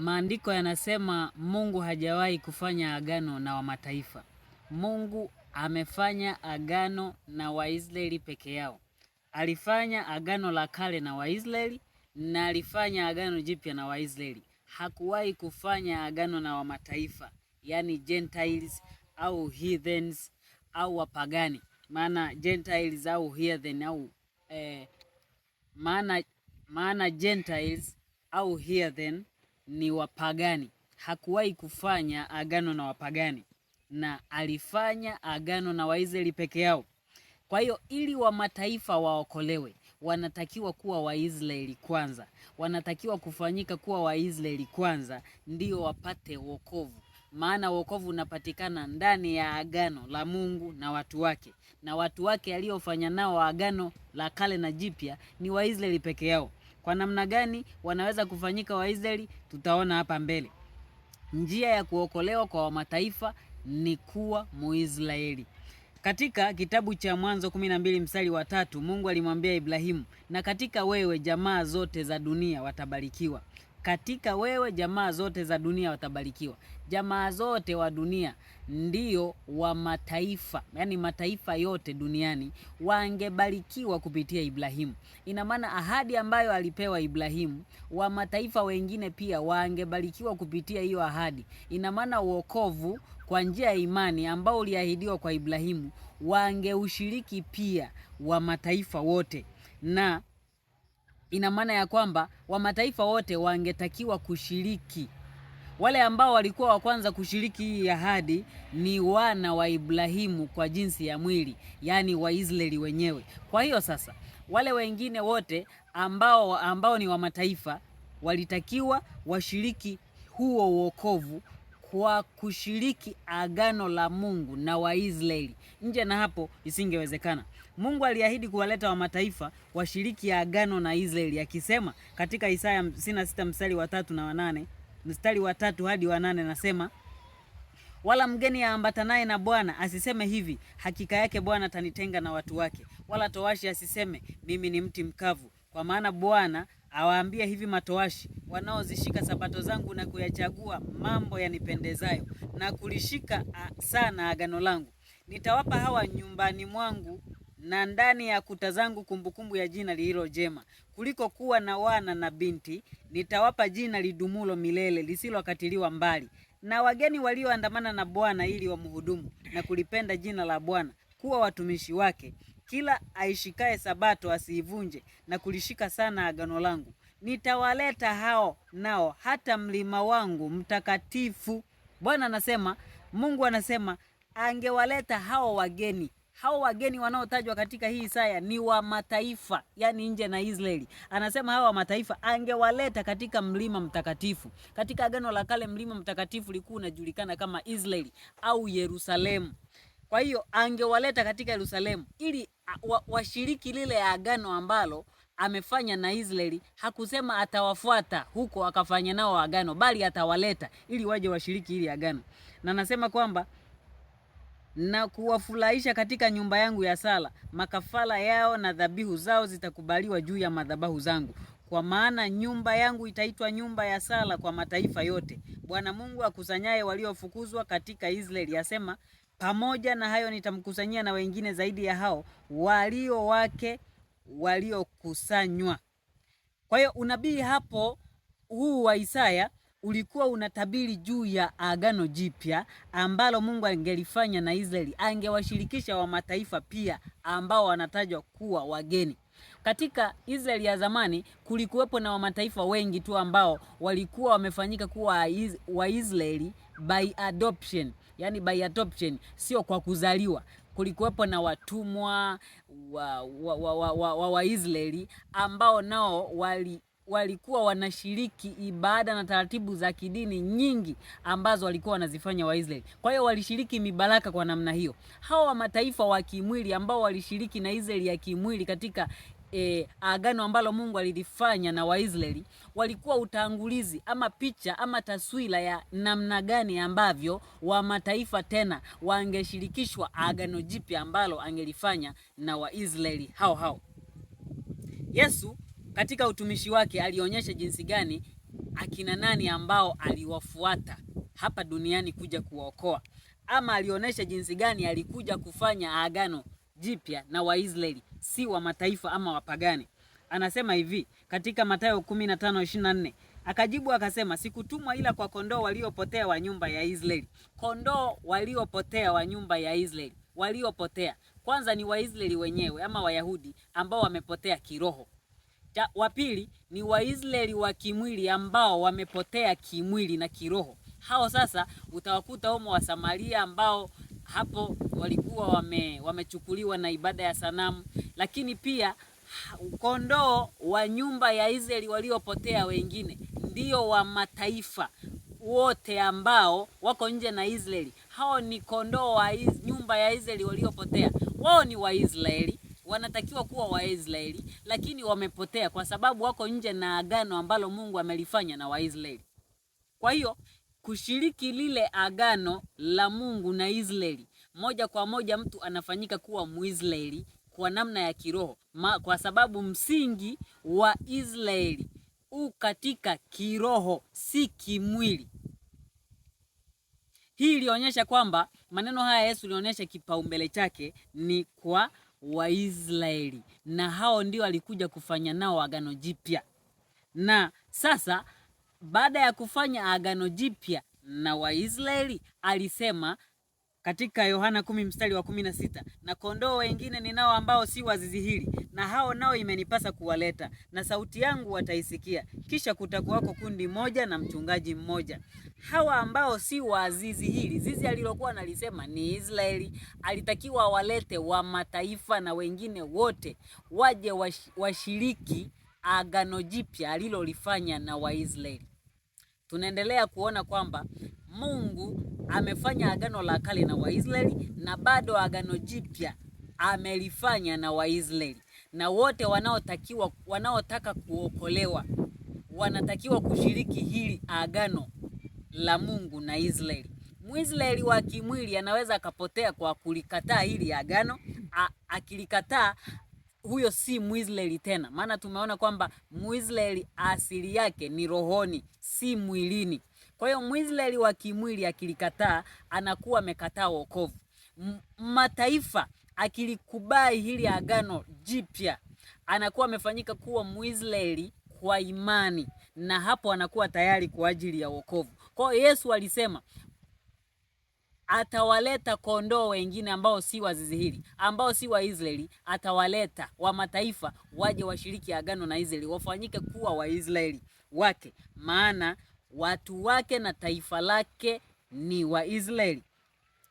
Maandiko yanasema Mungu hajawahi kufanya agano na wamataifa. Mungu amefanya agano na Waisraeli peke yao. Alifanya agano la kale na Waisraeli na alifanya agano jipya na Waisraeli. Hakuwahi kufanya agano na wamataifa, yani Gentiles au heathens au wapagani. Maana Gentiles au heathen au eh, maana maana Gentiles au heathen ni wapagani. Hakuwahi kufanya agano na wapagani, na alifanya agano na Waisraeli peke yao. Kwa hiyo ili wa mataifa waokolewe wanatakiwa kuwa Waisraeli kwanza, wanatakiwa kufanyika kuwa Waisraeli kwanza, ndio wapate wokovu. Maana wokovu unapatikana ndani ya agano la Mungu na watu wake, na watu wake aliofanya nao agano la kale na jipya ni Waisraeli peke yao. Kwa namna gani wanaweza kufanyika Waisraeli, tutaona hapa mbele. Njia ya kuokolewa kwa wamataifa ni kuwa Muisraeli. Katika kitabu cha Mwanzo kumi na mbili mstari wa tatu Mungu alimwambia Ibrahimu, na katika wewe jamaa zote za dunia watabarikiwa. Katika wewe jamaa zote za dunia watabarikiwa jamaa zote wa dunia ndio wa mataifa, yani mataifa yote duniani wangebarikiwa kupitia Ibrahimu. Ina maana ahadi ambayo alipewa Ibrahimu, wa mataifa wengine pia wangebarikiwa kupitia hiyo ahadi. Ina maana uokovu kwa njia ya imani ambao uliahidiwa kwa Ibrahimu wangeushiriki pia wa mataifa wote, na ina maana ya kwamba wa mataifa wote wangetakiwa kushiriki wale ambao walikuwa wa kwanza kushiriki hii ahadi ni wana wa Ibrahimu kwa jinsi ya mwili, yaani Waisraeli wenyewe. Kwa hiyo sasa wale wengine wote ambao, ambao ni wa mataifa walitakiwa washiriki huo uokovu kwa kushiriki agano la Mungu na Waisraeli. Nje na hapo isingewezekana. Mungu aliahidi kuwaleta wa mataifa washiriki agano na Israeli akisema katika Isaya 56 mstari wa tatu na wanane mstari wa tatu hadi wa nane nasema wala mgeni aambatanaye na Bwana asiseme hivi, hakika yake Bwana atanitenga na watu wake, wala towashi asiseme mimi ni mti mkavu, kwa maana Bwana awaambia hivi matowashi wanaozishika sabato zangu na kuyachagua mambo yanipendezayo na kulishika sana agano langu, nitawapa hawa nyumbani mwangu na ndani ya kuta zangu kumbukumbu ya jina lililo jema kuliko kuwa na wana na binti. Nitawapa jina lidumulo milele lisilokatiliwa mbali, na wageni walioandamana na Bwana ili wamhudumu na kulipenda jina la Bwana, kuwa watumishi wake. Kila aishikaye sabato asiivunje na kulishika sana agano langu. Nitawaleta hao nao hata mlima wangu mtakatifu. Bwana anasema, Mungu anasema angewaleta hao wageni hao wageni wanaotajwa katika hii Isaya ni wa mataifa, yani nje na Israeli. Anasema hao wa mataifa angewaleta katika mlima mtakatifu. Katika Agano la Kale mlima mtakatifu ulikuwa unajulikana kama Israeli au Yerusalemu. Kwa hiyo angewaleta katika Yerusalemu ili washiriki wa lile agano ambalo amefanya na Israeli. Hakusema atawafuata huko akafanya nao agano, bali atawaleta ili waje washiriki ili agano, na anasema kwamba na kuwafurahisha katika nyumba yangu ya sala. Makafala yao na dhabihu zao zitakubaliwa juu ya madhabahu zangu, kwa maana nyumba yangu itaitwa nyumba ya sala kwa mataifa yote. Bwana Mungu akusanyaye waliofukuzwa katika Israeli asema, pamoja na hayo nitamkusanyia na wengine zaidi ya hao walio wake waliokusanywa. Kwa hiyo unabii hapo huu wa Isaya ulikuwa unatabiri juu ya Agano Jipya ambalo Mungu angelifanya na Israeli, angewashirikisha wa mataifa pia ambao wanatajwa kuwa wageni. Katika Israeli ya zamani kulikuwepo na wamataifa wengi tu ambao walikuwa wamefanyika kuwa Waisraeli by adoption, yani by adoption, sio kwa kuzaliwa. Kulikuwepo na watumwa wa Waisraeli wa, wa, wa, wa ambao nao wali walikuwa wanashiriki ibada na taratibu za kidini nyingi ambazo walikuwa wanazifanya Waisraeli. Kwa hiyo walishiriki mibaraka kwa namna hiyo. Hawa wa mataifa wa kimwili ambao walishiriki na Israeli ya kimwili katika E, agano ambalo Mungu alilifanya na Waisraeli walikuwa utangulizi ama picha ama taswira ya namna gani ambavyo wa mataifa tena wangeshirikishwa agano jipya ambalo angelifanya na Waisraeli hao hao. Yesu katika utumishi wake alionyesha jinsi gani akina nani ambao aliwafuata hapa duniani kuja kuwaokoa, ama alionyesha jinsi gani alikuja kufanya agano jipya na Waisraeli, si wa mataifa ama wapagani. Anasema hivi katika Mathayo 15:24 akajibu akasema, sikutumwa ila kwa kondoo waliopotea wa nyumba ya Israeli. Kondoo waliopotea wa nyumba ya Israeli, waliopotea kwanza ni Waisraeli wenyewe ama Wayahudi ambao wamepotea kiroho wa pili ni Waisraeli wa kimwili ambao wamepotea kimwili na kiroho. Hao sasa utawakuta umo wa Samaria ambao hapo walikuwa wame, wamechukuliwa na ibada ya sanamu, lakini pia kondoo wa nyumba ya Israeli waliopotea wengine ndio wa mataifa wote ambao wako nje na Israeli. Hao ni kondoo wa iz, nyumba ya Israeli waliopotea, wao ni Waisraeli wanatakiwa kuwa Waisraeli, lakini wamepotea kwa sababu wako nje na agano ambalo Mungu amelifanya na Waisraeli. Kwa hiyo kushiriki lile agano la Mungu na Israeli, moja kwa moja mtu anafanyika kuwa Mwisraeli kwa namna ya kiroho ma, kwa sababu msingi wa Israeli u katika kiroho, si kimwili. Hii ilionyesha kwamba maneno haya Yesu ilionyesha kipaumbele chake ni kwa Waisraeli, na hao ndio alikuja kufanya nao agano jipya. Na sasa baada ya kufanya agano jipya na Waisraeli, alisema katika Yohana kumi mstari wa kumi na sita na kondoo wengine ninao ambao si wazizi hili, na hao nao imenipasa kuwaleta, na sauti yangu wataisikia, kisha kutakuwako kundi moja na mchungaji mmoja. Hawa ambao si wazizi hili, zizi alilokuwa analisema ni Israeli, alitakiwa walete wa mataifa na wengine wote waje washiriki agano jipya alilolifanya na Waisraeli. Tunaendelea kuona kwamba Mungu amefanya agano la kale na Waisraeli na bado agano jipya amelifanya na Waisraeli, na wote wanaotakiwa wanaotaka kuokolewa wanatakiwa kushiriki hili agano la Mungu na Israeli. Mwisraeli wa kimwili anaweza akapotea kwa kulikataa hili agano. Akilikataa huyo si Mwisraeli tena, maana tumeona kwamba Mwisraeli asili yake ni rohoni, si mwilini. Kwa hiyo Mwisraeli wa kimwili akilikataa anakuwa amekataa wokovu. Mataifa akilikubali hili agano jipya anakuwa amefanyika kuwa Mwisraeli kwa imani, na hapo anakuwa tayari kwa ajili ya wokovu. Kwa hiyo Yesu alisema atawaleta kondoo wengine ambao si wa zizi hili, ambao si wa Israeli, atawaleta wa mataifa waje washiriki agano na Israeli, wafanyike kuwa wa Israeli wake, maana watu wake na taifa lake ni Waisraeli.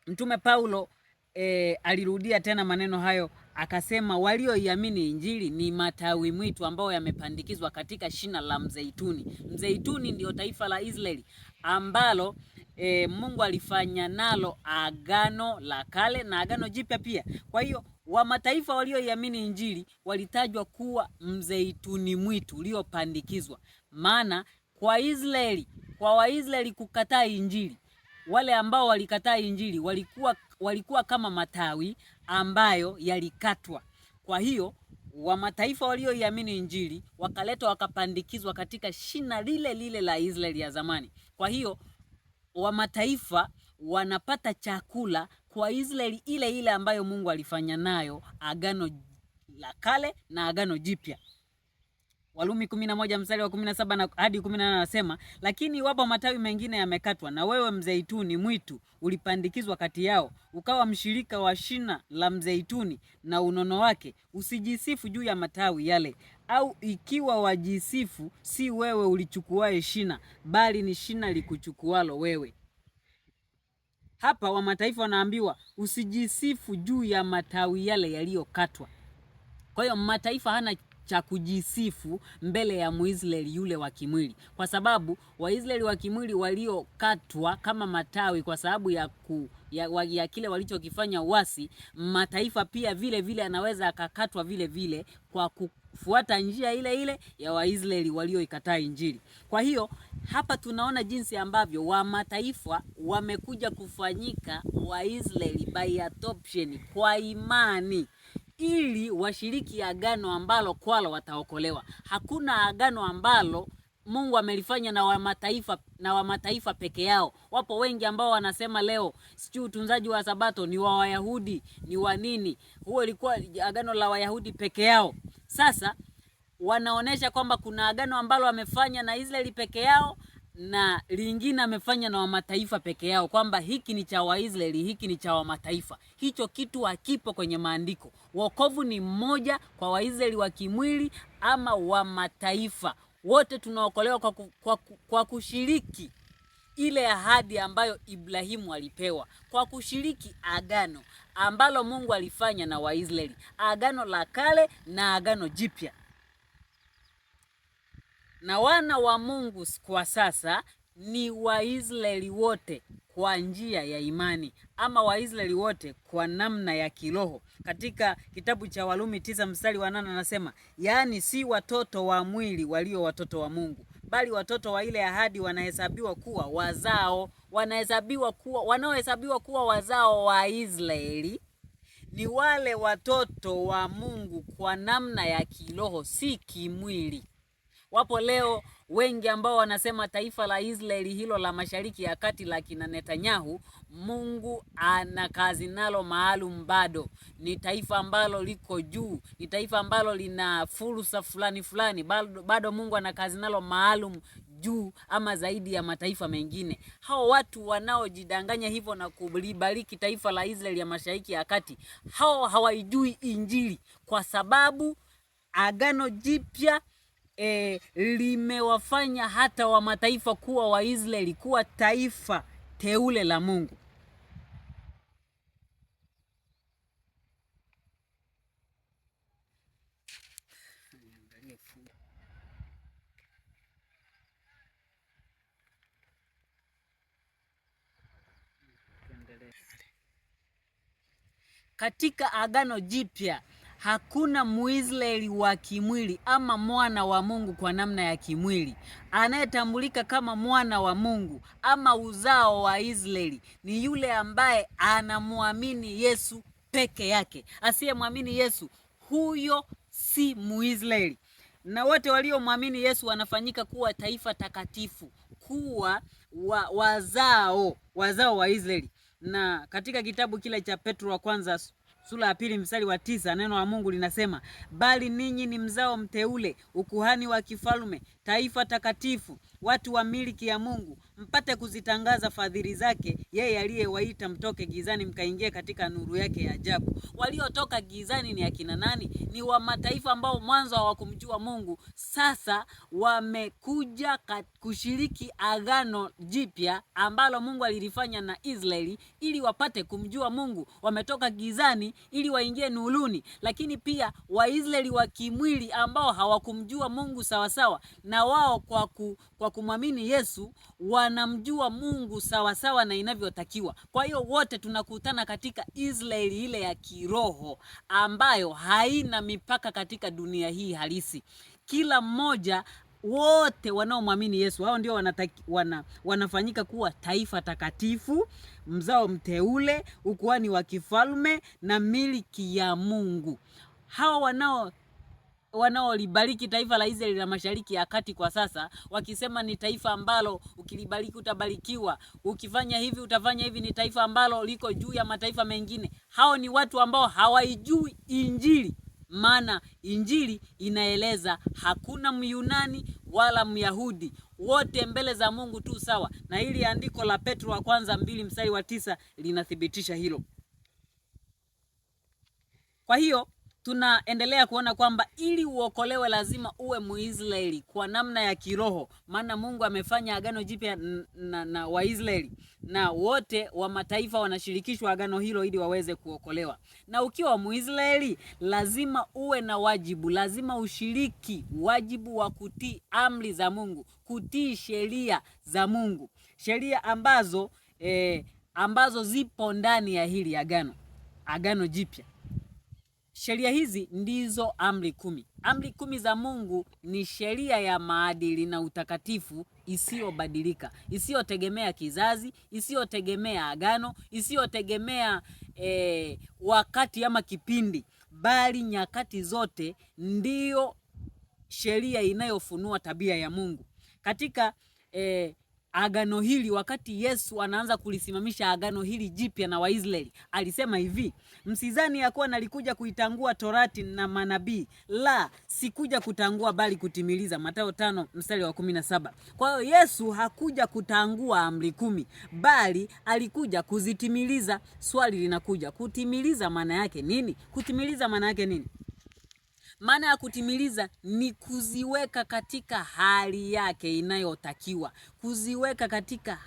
Mtume Paulo e, alirudia tena maneno hayo akasema, walioiamini Injili ni matawi mwitu ambayo yamepandikizwa katika shina la mzeituni. Mzeituni ndio taifa la Israeli ambalo e, Mungu alifanya nalo agano la kale na agano jipya pia. Kwa hiyo wa mataifa walioiamini Injili walitajwa kuwa mzeituni mwitu uliopandikizwa, maana Israeli, kwa Waisraeli kukataa Injili, wale ambao walikataa Injili walikuwa, walikuwa kama matawi ambayo yalikatwa. Kwa hiyo wa mataifa walioiamini Injili wakaletwa wakapandikizwa katika shina lile lile la Israeli ya zamani. Kwa hiyo wa mataifa wanapata chakula kwa Israeli ile ile ambayo Mungu alifanya nayo Agano la Kale na Agano Jipya. Walumi 11 mstari wa 17 hadi 18 anasema, lakini wapo matawi mengine yamekatwa na wewe mzeituni mwitu ulipandikizwa kati yao, ukawa mshirika wa shina la mzeituni na unono wake, usijisifu juu ya matawi yale au ikiwa wajisifu, si wewe ulichukuae shina, bali ni shina likuchukualo wewe. Hapa wa mataifa wanaambiwa usijisifu juu ya matawi yale yaliyokatwa. Kwa hiyo mataifa hana cha kujisifu mbele ya Mwisraeli yule wa kimwili, kwa sababu Waisraeli wa kimwili waliokatwa kama matawi kwa sababu ya, ku, ya, ya kile walichokifanya uasi, mataifa pia vile vile anaweza akakatwa vile vile kwa kufuata njia ile ile ya Waisraeli walioikataa Injili. Kwa hiyo hapa tunaona jinsi ambavyo wa mataifa wamekuja kufanyika Waisraeli by adoption kwa imani ili washiriki agano ambalo kwalo wataokolewa. Hakuna agano ambalo Mungu amelifanya na wamataifa na wamataifa peke yao. Wapo wengi ambao wanasema leo sijui utunzaji wa sabato ni wa Wayahudi ni wa nini, huo ilikuwa agano la Wayahudi peke yao. Sasa wanaonesha kwamba kuna agano ambalo wamefanya na Israeli peke yao na lingine amefanya na wamataifa peke yao, kwamba hiki ni cha Waisraeli, hiki ni cha wamataifa. Hicho kitu hakipo kwenye maandiko. Wokovu ni mmoja kwa Waisraeli wa kimwili ama wamataifa, wote tunaokolewa kwa, ku, kwa, ku, kwa kushiriki ile ahadi ambayo Ibrahimu alipewa kwa kushiriki agano ambalo Mungu alifanya na Waisraeli, agano la kale na agano jipya na wana wa Mungu kwa sasa ni Waisraeli wote kwa njia ya imani, ama Waisraeli wote kwa namna ya kiroho. Katika kitabu cha Warumi tisa mstari wa nane anasema, yaani si watoto wa mwili walio watoto wa Mungu, bali watoto wa ile ahadi wanahesabiwa kuwa wazao, wanahesabiwa kuwa wanaohesabiwa kuwa wazao wa Israeli ni wale watoto wa Mungu kwa namna ya kiroho, si kimwili. Wapo leo wengi ambao wanasema taifa la Israeli hilo la Mashariki ya Kati la kina Netanyahu, Mungu ana kazi nalo maalum bado. Ni taifa ambalo liko juu, ni taifa ambalo lina fursa fulani fulani, bado, bado Mungu ana kazi nalo maalum juu ama zaidi ya mataifa mengine. Hao watu wanaojidanganya hivyo na kulibariki taifa la Israeli ya Mashariki ya Kati, hao hawaijui Injili kwa sababu Agano Jipya e, limewafanya hata wa mataifa kuwa Waisraeli kuwa taifa teule la Mungu. Katika Agano Jipya hakuna Muisraeli wa kimwili ama mwana wa Mungu kwa namna ya kimwili anayetambulika kama mwana wa Mungu ama uzao wa Israeli ni yule ambaye anamwamini Yesu peke yake. Asiyemwamini Yesu huyo si Muisraeli, na wote waliomwamini Yesu wanafanyika kuwa taifa takatifu, kuwa wa, wazao wazao wa Israeli. Na katika kitabu kile cha Petro wa kwanza sura ya pili mstari wa tisa neno la Mungu linasema, bali ninyi ni mzao mteule, ukuhani wa kifalme, taifa takatifu, watu wa miliki ya Mungu, mpate kuzitangaza fadhili zake yeye aliyewaita mtoke gizani mkaingie katika nuru yake ya ajabu. Waliotoka gizani ni akina nani? Ni wa mataifa ambao mwanzo hawakumjua Mungu, sasa wamekuja kushiriki agano jipya ambalo Mungu alilifanya na Israeli ili wapate kumjua Mungu. Wametoka gizani ili waingie nuruni, lakini pia Waisraeli wa kimwili ambao hawakumjua Mungu sawasawa, na wao kwa, ku, kwa kumwamini Yesu wa wanamjua Mungu sawasawa sawa na inavyotakiwa. Kwa hiyo wote tunakutana katika Israeli ile ya kiroho ambayo haina mipaka katika dunia hii halisi. Kila mmoja wote wanaomwamini Yesu hao ndio wanataki, wana, wanafanyika kuwa taifa takatifu, mzao mteule, ukuani wa kifalme na miliki ya Mungu. Hawa wanao wanaolibariki taifa la Israeli la Mashariki ya Kati kwa sasa, wakisema ni taifa ambalo ukilibariki utabarikiwa, ukifanya hivi utafanya hivi, ni taifa ambalo liko juu ya mataifa mengine. Hao ni watu ambao hawaijui Injili, maana Injili inaeleza hakuna Myunani wala Myahudi, wote mbele za Mungu tu sawa, na hili andiko la Petro wa kwanza mbili mstari wa tisa linathibitisha hilo. Kwa hiyo tunaendelea kuona kwamba ili uokolewe lazima uwe Muisraeli kwa namna ya kiroho, maana Mungu amefanya agano jipya na, na Waisraeli na wote wa mataifa wanashirikishwa agano hilo ili waweze kuokolewa. Na ukiwa Muisraeli lazima uwe na wajibu, lazima ushiriki wajibu wa kutii amri za Mungu, kutii sheria za Mungu, sheria ambazo eh, ambazo zipo ndani ya hili agano agano jipya. Sheria hizi ndizo amri kumi. Amri kumi za Mungu ni sheria ya maadili na utakatifu isiyobadilika, isiyotegemea kizazi, isiyotegemea agano, isiyotegemea eh, wakati ama kipindi, bali nyakati zote ndiyo sheria inayofunua tabia ya Mungu katika eh, agano hili, wakati Yesu anaanza kulisimamisha agano hili jipya na Waisraeli, alisema hivi, msizani ya kuwa nalikuja kuitangua torati na manabii, la sikuja kutangua, bali kutimiliza. Mathayo tano mstari wa kumi na saba. Kwa hiyo Yesu hakuja kutangua amri kumi, bali alikuja kuzitimiliza. Swali linakuja, kutimiliza maana yake nini? Kutimiliza maana yake nini? Maana ya kutimiliza ni kuziweka katika hali yake inayotakiwa, kuziweka katika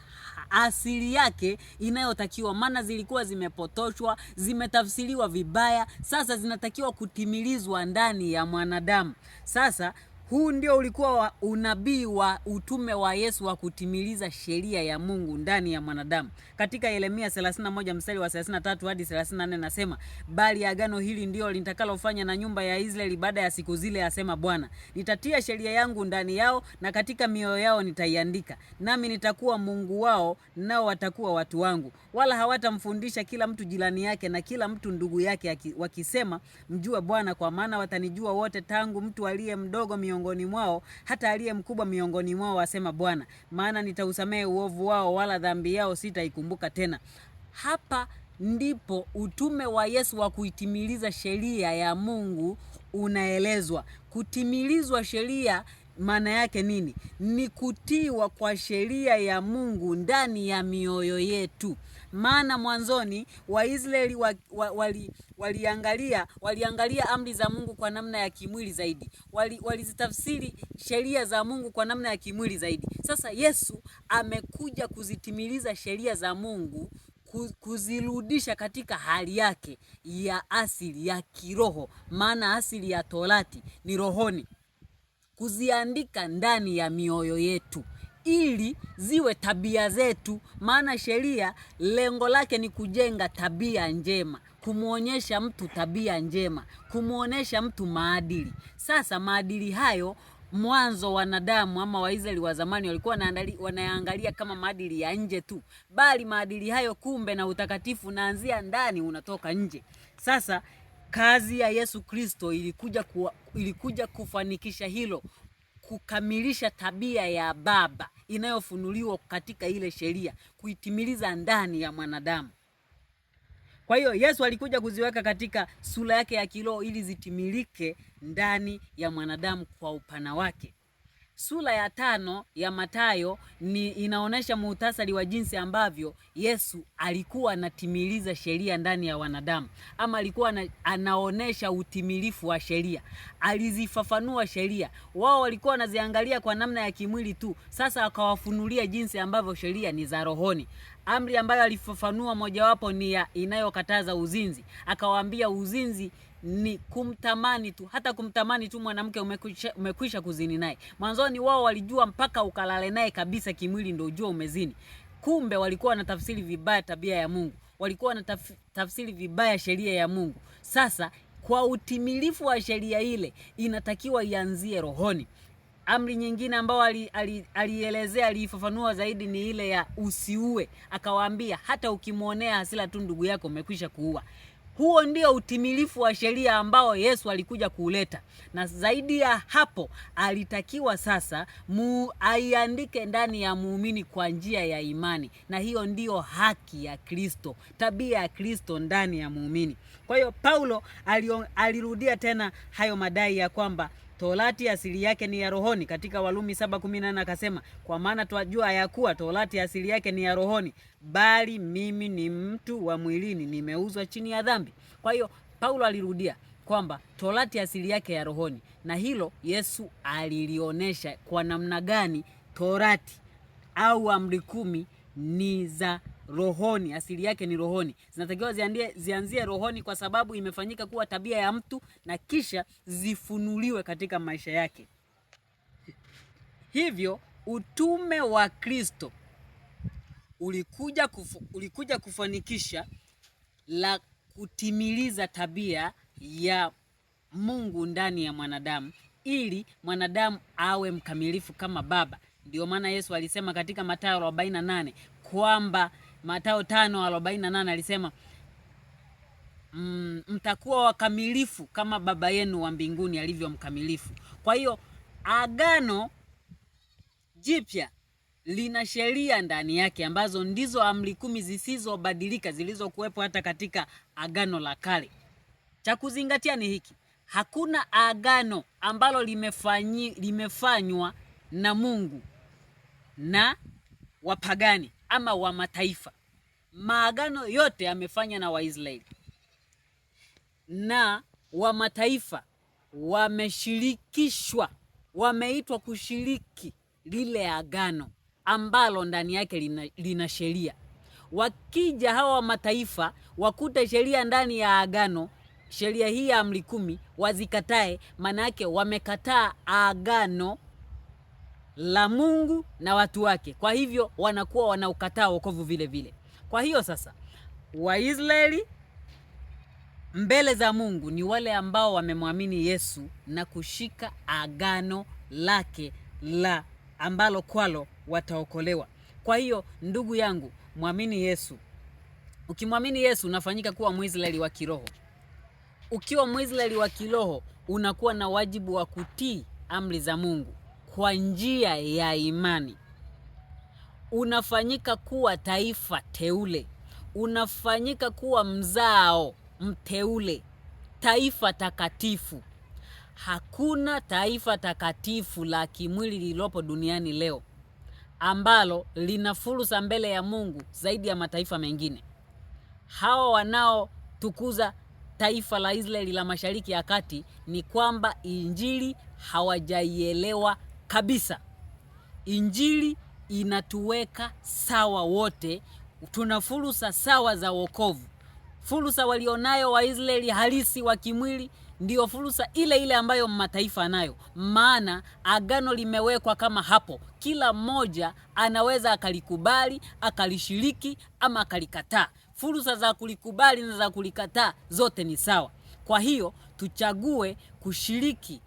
asili yake inayotakiwa, maana zilikuwa zimepotoshwa, zimetafsiriwa vibaya, sasa zinatakiwa kutimilizwa ndani ya mwanadamu. Sasa huu ndio ulikuwa wa unabii wa utume wa Yesu wa kutimiliza sheria ya Mungu ndani ya mwanadamu. Katika Yeremia 31 mstari wa 33 hadi 34 nasema, bali agano hili ndio litakalofanya na nyumba ya Israeli baada ya siku zile, asema Bwana, nitatia sheria yangu ndani yao na katika mioyo yao nitaiandika, nami nitakuwa Mungu wao, nao watakuwa watu wangu. Wala hawatamfundisha kila mtu jirani yake na kila mtu ndugu yake, wakisema, mjue Bwana, kwa maana watanijua wote, tangu mtu aliye mdogo miongoni miongoni mwao, hata aliye mkubwa miongoni mwao asema Bwana, maana nitausamehe uovu wao, wala dhambi yao sitaikumbuka tena. Hapa ndipo utume wa Yesu wa kuitimiliza sheria ya Mungu unaelezwa. Kutimilizwa sheria maana yake nini? Ni kutiwa kwa sheria ya Mungu ndani ya mioyo yetu. Maana mwanzoni Waisraeli wa, wali waliangalia amri za Mungu kwa namna ya kimwili zaidi, walizitafsiri wali sheria za Mungu kwa namna ya kimwili zaidi. Sasa Yesu amekuja kuzitimiliza sheria za Mungu kuzirudisha katika hali yake ya asili ya kiroho, maana asili ya Torati ni rohoni kuziandika ndani ya mioyo yetu ili ziwe tabia zetu. Maana sheria lengo lake ni kujenga tabia njema, kumwonyesha mtu tabia njema, kumwonyesha mtu maadili. Sasa maadili hayo mwanzo wanadamu ama Waisraeli wa zamani walikuwa wanaangalia kama maadili ya nje tu, bali maadili hayo kumbe na utakatifu unaanzia ndani, unatoka nje. Sasa Kazi ya Yesu Kristo ilikuja, kuwa, ilikuja kufanikisha hilo, kukamilisha tabia ya Baba inayofunuliwa katika ile sheria, kuitimiliza ndani ya mwanadamu. Kwa hiyo Yesu alikuja kuziweka katika sura yake ya kiroho ili zitimilike ndani ya mwanadamu kwa upana wake sura ya tano ya Mathayo ni inaonyesha muhtasari wa jinsi ambavyo Yesu alikuwa anatimiliza sheria ndani ya wanadamu, ama alikuwa na, anaonesha utimilifu wa sheria. Alizifafanua sheria, wao walikuwa wanaziangalia kwa namna ya kimwili tu, sasa akawafunulia jinsi ambavyo sheria ni za rohoni. Amri ambayo alifafanua mojawapo ni ya inayokataza uzinzi, akawaambia uzinzi ni kumtamani tu. Hata kumtamani tu mwanamke umekwisha, umekwisha kuzini naye. Mwanzoni wao walijua mpaka ukalale naye kabisa kimwili ndio ujua umezini. Kumbe walikuwa tafsiri vibaya tabia ya Mungu, walikuwa tafsiri vibaya sheria ya Mungu. Sasa kwa utimilifu wa sheria ile inatakiwa ianzie rohoni. Amri nyingine ambayo alielezea ali, ali aliifafanua zaidi ni ile ya usiue, akawaambia hata ukimwonea hasira tu ndugu yako umekwisha kuua. Huo ndio utimilifu wa sheria ambao Yesu alikuja kuuleta, na zaidi ya hapo alitakiwa sasa mu aiandike ndani ya muumini kwa njia ya imani, na hiyo ndiyo haki ya Kristo, tabia ya Kristo ndani ya muumini. Kwa hiyo Paulo alirudia tena hayo madai ya kwamba Torati asili yake ni ya rohoni, katika Walumi 7:14 akasema, kwa maana twajua ya kuwa Torati asili yake ni ya rohoni, bali mimi ni mtu wa mwilini, nimeuzwa chini ya dhambi. Kwa hiyo Paulo alirudia kwamba Torati asili yake ya rohoni, na hilo Yesu alilionyesha kwa namna gani Torati au amri kumi ni za rohoni, asili yake ni rohoni. Zinatakiwa ziandie, zianzie rohoni kwa sababu imefanyika kuwa tabia ya mtu na kisha zifunuliwe katika maisha yake. Hivyo utume wa Kristo ulikuja, kufu, ulikuja kufanikisha la kutimiliza tabia ya Mungu ndani ya mwanadamu ili mwanadamu awe mkamilifu kama Baba. Ndio maana Yesu alisema katika Mathayo 48 kwamba Mathayo tano arobaini na nane alisema mm, mtakuwa wakamilifu kama baba yenu wa mbinguni alivyo mkamilifu. Kwa hiyo agano jipya lina sheria ndani yake ambazo ndizo amri kumi zisizobadilika zilizokuwepo hata katika agano la kale. Cha kuzingatia ni hiki: hakuna agano ambalo limefanyi, limefanywa na Mungu na wapagani ama wa mataifa. Maagano yote amefanya na Waisraeli na wa mataifa wameshirikishwa, wameitwa kushiriki lile agano ambalo ndani yake lina, lina sheria. Wakija hawa wa mataifa wakute sheria ndani ya agano, sheria hii ya amri kumi, wazikatae, maana yake wamekataa agano la Mungu na watu wake. Kwa hivyo wanakuwa wanaukataa wokovu vile vile. Kwa hiyo sasa, Waisraeli mbele za Mungu ni wale ambao wamemwamini Yesu na kushika agano lake la ambalo kwalo wataokolewa. Kwa hiyo ndugu yangu, mwamini Yesu. Ukimwamini Yesu unafanyika kuwa Mwisraeli wa kiroho. Ukiwa Mwisraeli wa kiroho, unakuwa na wajibu wa kutii amri za Mungu kwa njia ya imani. Unafanyika kuwa taifa teule, unafanyika kuwa mzao mteule, taifa takatifu. Hakuna taifa takatifu la kimwili lililopo duniani leo ambalo lina fursa mbele ya Mungu zaidi ya mataifa mengine. Hawa wanaotukuza taifa la Israeli la Mashariki ya Kati ni kwamba injili hawajaielewa kabisa. Injili inatuweka sawa wote, tuna fursa sawa za wokovu. Fursa walionayo Waisraeli halisi wa kimwili ndiyo fursa ile ile ambayo mataifa nayo, maana agano limewekwa kama hapo, kila mmoja anaweza akalikubali akalishiriki ama akalikataa. Fursa za kulikubali na za kulikataa zote ni sawa. Kwa hiyo tuchague kushiriki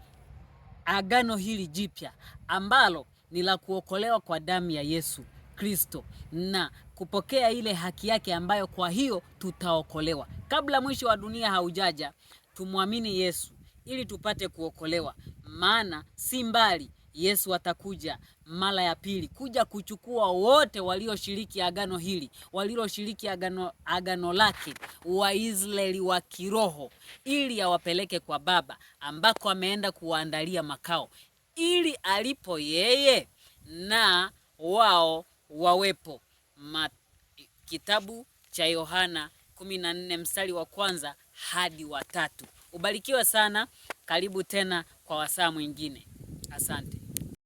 agano hili jipya ambalo ni la kuokolewa kwa damu ya Yesu Kristo na kupokea ile haki yake ambayo kwa hiyo tutaokolewa. Kabla mwisho wa dunia haujaja, tumwamini Yesu ili tupate kuokolewa, maana si mbali Yesu atakuja mara ya pili kuja kuchukua wote walioshiriki agano hili, waliloshiriki agano, agano lake, Waisraeli wa kiroho, ili awapeleke kwa Baba ambako ameenda kuwaandalia makao ili alipo yeye na wao wawepo. Ma, kitabu cha Yohana 14 mstari wa kwanza hadi wa tatu. Ubarikiwa sana. Karibu tena kwa wasaa mwingine. Asante.